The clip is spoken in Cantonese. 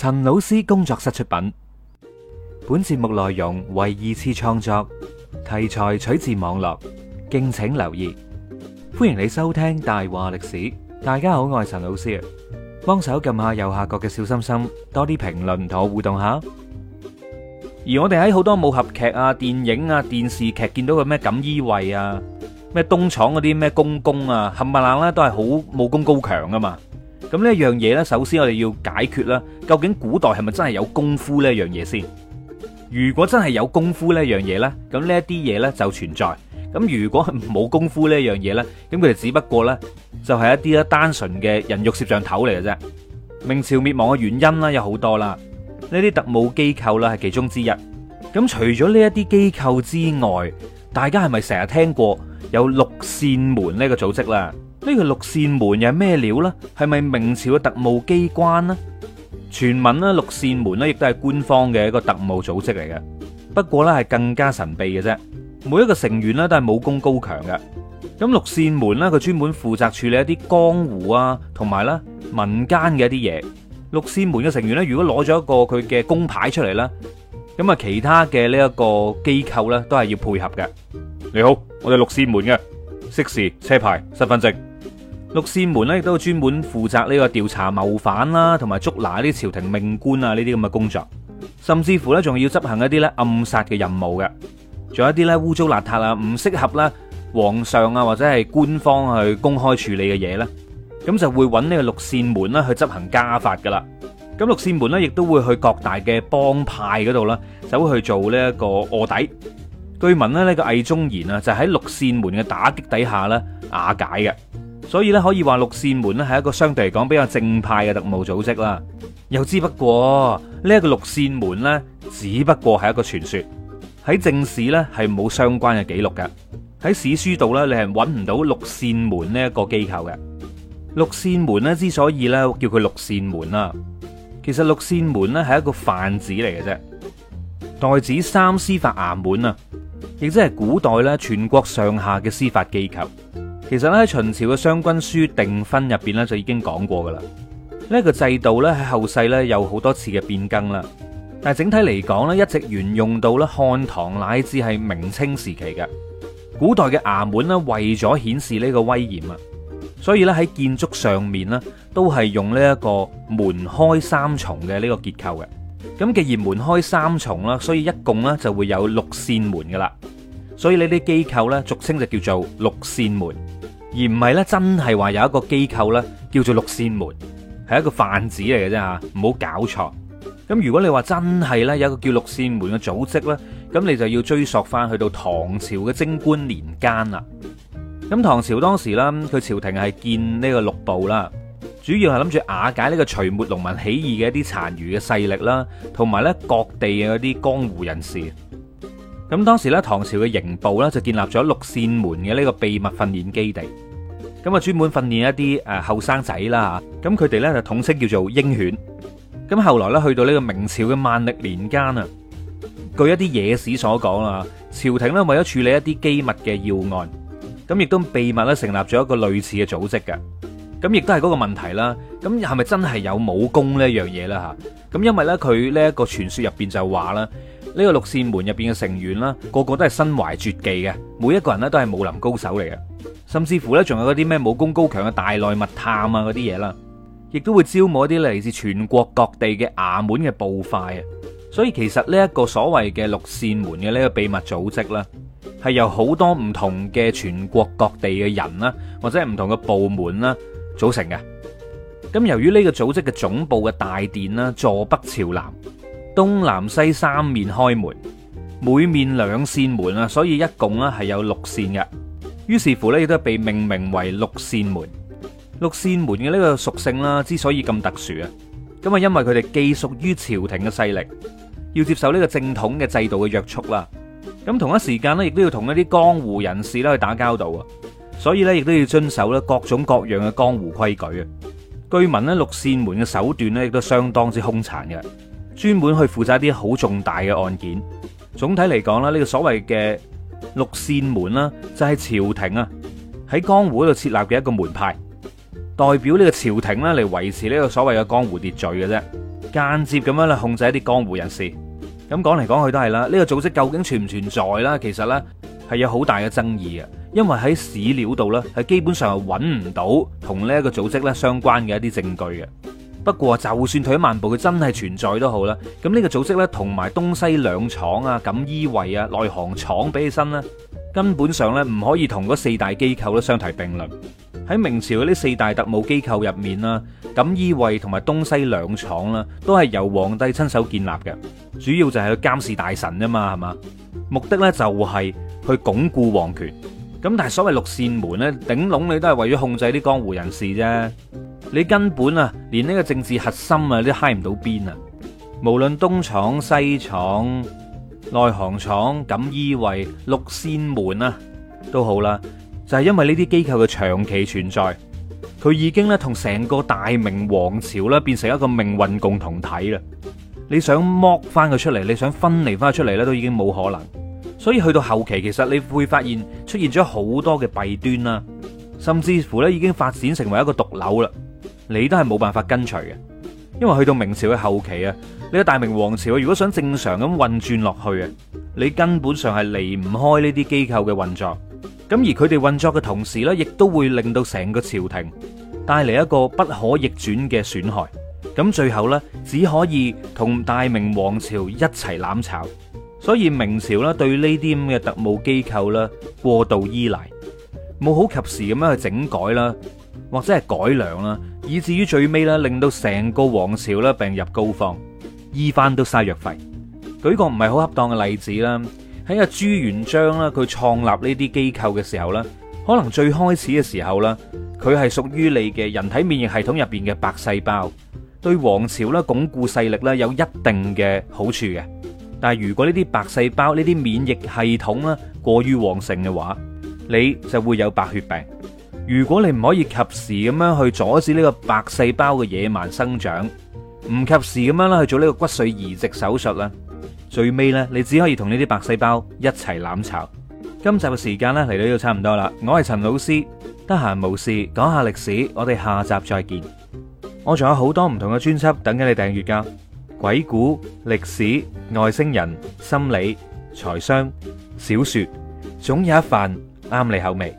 陳老師工作室出品，本節目內容為二次創作，題材取自網絡，敬請留意。歡迎你收聽《大話歷史》，大家好，我係陳老師。幫手撳下右下角嘅小心心，多啲評論同我互動下。而我哋喺好多武俠劇啊、電影啊、電視劇見到嘅咩錦衣衛啊、咩東廠嗰啲咩公公啊，冚唪唥咧都係好武功高強噶嘛。咁呢一樣嘢咧，首先我哋要解決啦，究竟古代係咪真係有功夫呢一樣嘢先？如果真係有功夫呢樣嘢咧，咁呢一啲嘢咧就存在；咁如果係冇功夫呢樣嘢咧，咁佢哋只不過咧就係一啲咧單純嘅人肉攝像頭嚟嘅啫。明朝滅亡嘅原因啦，有好多啦，呢啲特務機構啦係其中之一。咁除咗呢一啲機構之外，大家係咪成日聽過有六扇門呢個組織啦？呢個六扇門又係咩料呢？係咪明朝嘅特務機關呢？傳聞呢，六扇門咧亦都係官方嘅一個特務組織嚟嘅。不過呢，係更加神秘嘅啫。每一個成員呢，都係武功高強嘅。咁六扇門呢，佢專門負責處理一啲江湖啊，同埋咧民間嘅一啲嘢。六扇門嘅成員呢，如果攞咗一個佢嘅工牌出嚟咧，咁啊其他嘅呢一個機構呢，都係要配合嘅。你好，我哋六扇門嘅，識時車牌身份證。六扇門咧，亦都專門負責呢個調查謀反啦，同埋捉拿啲朝廷命官啊，呢啲咁嘅工作，甚至乎呢，仲要執行一啲咧暗殺嘅任務嘅，仲有一啲咧污糟邋遢啊，唔適合咧皇上啊或者係官方去公開處理嘅嘢咧，咁就會揾呢個六扇門啦去執行家法噶啦。咁六扇門呢，亦都會去各大嘅幫派嗰度啦，走去做呢一個臥底。據聞呢，呢個魏忠賢啊，就喺六扇門嘅打擊底下咧瓦解嘅。所以咧，可以話六扇門咧係一個相對嚟講比較正派嘅特務組織啦。又之不過呢一個六扇門呢，只不過係一個傳説，喺正史呢，係冇相關嘅記錄嘅，喺史書度呢，你係揾唔到六扇門呢一個機構嘅。六扇門呢之所以咧叫佢六扇門啦，其實六扇門呢係一個泛指嚟嘅啫，代指三司法衙門啊，亦即係古代咧全國上下嘅司法機構。其實咧喺秦朝嘅《商君書·定分》入邊咧就已經講過噶啦，呢、這、一個制度咧喺後世咧有好多次嘅變更啦，但係整體嚟講咧一直沿用到咧漢唐乃至係明清時期嘅古代嘅衙門咧，為咗顯示呢個威嚴啊，所以咧喺建築上面咧都係用呢一個門開三重嘅呢個結構嘅。咁既然門開三重啦，所以一共咧就會有六扇門噶啦，所以呢啲機構咧俗稱就叫做六扇門。而唔係咧，真係話有一個機構咧，叫做六扇門，係一個泛指嚟嘅啫嚇，唔好搞錯。咁如果你話真係咧，有一個叫六扇門嘅組織咧，咁你就要追溯翻去到唐朝嘅貞觀年間啦。咁唐朝當時啦，佢朝廷係建呢個六部啦，主要係諗住瓦解呢個隋末農民起義嘅一啲殘餘嘅勢力啦，同埋咧各地嘅嗰啲江湖人士。咁當時咧，唐朝嘅刑部咧就建立咗六扇門嘅呢個秘密訓練基地，咁啊專門訓練一啲誒後生仔啦嚇，咁佢哋咧就統稱叫做鷹犬。咁後來咧去到呢個明朝嘅萬歷年間啊，據一啲野史所講啦，朝廷咧為咗處理一啲機密嘅要案，咁亦都秘密咧成立咗一個類似嘅組織嘅，咁亦都係嗰個問題啦。咁係咪真係有武功呢一樣嘢啦嚇？咁因為咧佢呢一個傳說入邊就話啦。呢個六扇門入邊嘅成員啦，個個都係身懷絕技嘅，每一個人咧都係武林高手嚟嘅，甚至乎咧仲有嗰啲咩武功高強嘅大內密探啊嗰啲嘢啦，亦都會招募一啲嚟自全國各地嘅衙門嘅捕快啊。所以其實呢一個所謂嘅六扇門嘅呢個秘密組織咧，係由好多唔同嘅全國各地嘅人啦，或者係唔同嘅部門啦組成嘅。咁由於呢個組織嘅總部嘅大殿啦，坐北朝南。東南西三面開門，每面兩扇門啦，所以一共咧係有六扇嘅。於是乎咧，亦都被命名為六扇門。六扇門嘅呢個屬性啦，之所以咁特殊啊，咁啊，因為佢哋既屬於朝廷嘅勢力，要接受呢個正統嘅制度嘅約束啦。咁同一時間咧，亦都要同一啲江湖人士咧去打交道啊，所以呢，亦都要遵守咧各種各樣嘅江湖規矩啊。據聞咧，六扇門嘅手段咧亦都相當之兇殘嘅。專門去負責啲好重大嘅案件。總體嚟講啦，呢個所謂嘅六扇門啦，就係朝廷啊喺江湖嗰度設立嘅一個門派，代表呢個朝廷啦嚟維持呢個所謂嘅江湖秩序嘅啫，間接咁樣啦控制一啲江湖人士。咁講嚟講去都係啦，呢個組織究竟存唔存在啦，其實呢，係有好大嘅爭議嘅，因為喺史料度呢，係基本上係揾唔到同呢個組織呢相關嘅一啲證據嘅。不過就算退一萬步，佢真係存在都好啦。咁呢個組織咧，同埋東西兩廠啊、錦衣衛啊、內行廠比起身咧，根本上咧唔可以同嗰四大機構咧相提並論。喺明朝嘅呢四大特務機構入面啦，錦衣衛同埋東西兩廠啦，都係由皇帝親手建立嘅，主要就係去監視大臣啊嘛，係嘛？目的咧就係去鞏固皇權。咁但係所謂六扇門咧，頂籠你都係為咗控制啲江湖人士啫。你根本啊，連呢個政治核心啊，你都嗨唔到邊啊！無論東廠、西廠、內行廠、錦衣衛、六扇門啊，都好啦，就係、是、因為呢啲機構嘅長期存在，佢已經咧同成個大明王朝咧變成一個命運共同體啦。你想剝翻佢出嚟，你想分離翻佢出嚟咧，都已經冇可能。所以去到後期，其實你會發現出現咗好多嘅弊端啦，甚至乎呢已經發展成為一個毒瘤啦。你都係冇辦法跟隨嘅，因為去到明朝嘅後期啊，呢個大明王朝如果想正常咁運轉落去啊，你根本上係離唔開呢啲機構嘅運作。咁而佢哋運作嘅同時呢，亦都會令到成個朝廷帶嚟一個不可逆轉嘅損害。咁最後呢，只可以同大明王朝一齊攬炒。所以明朝呢，對呢啲咁嘅特務機構呢，過度依賴，冇好及時咁樣去整改啦，或者係改良啦。以至於最尾咧，令到成個王朝咧病入膏肓，醫翻都嘥藥費。舉個唔係好恰當嘅例子啦，喺阿朱元璋啦，佢創立呢啲機構嘅時候啦，可能最開始嘅時候啦，佢係屬於你嘅人體免疫系統入邊嘅白細胞，對王朝咧鞏固勢力咧有一定嘅好處嘅。但係如果呢啲白細胞呢啲免疫系統咧過於旺盛嘅話，你就會有白血病。如果你唔可以及時咁樣去阻止呢個白細胞嘅野蠻生長，唔及時咁樣啦去做呢個骨髓移植手術啦，最尾咧你只可以同呢啲白細胞一齊攬炒。今集嘅時間咧嚟到呢度差唔多啦，我係陳老師，得閒無事講下歷史，我哋下集再見。我仲有好多唔同嘅專輯等緊你訂閱噶，鬼故、歷史、外星人、心理、財商、小說，總有一份啱你口味。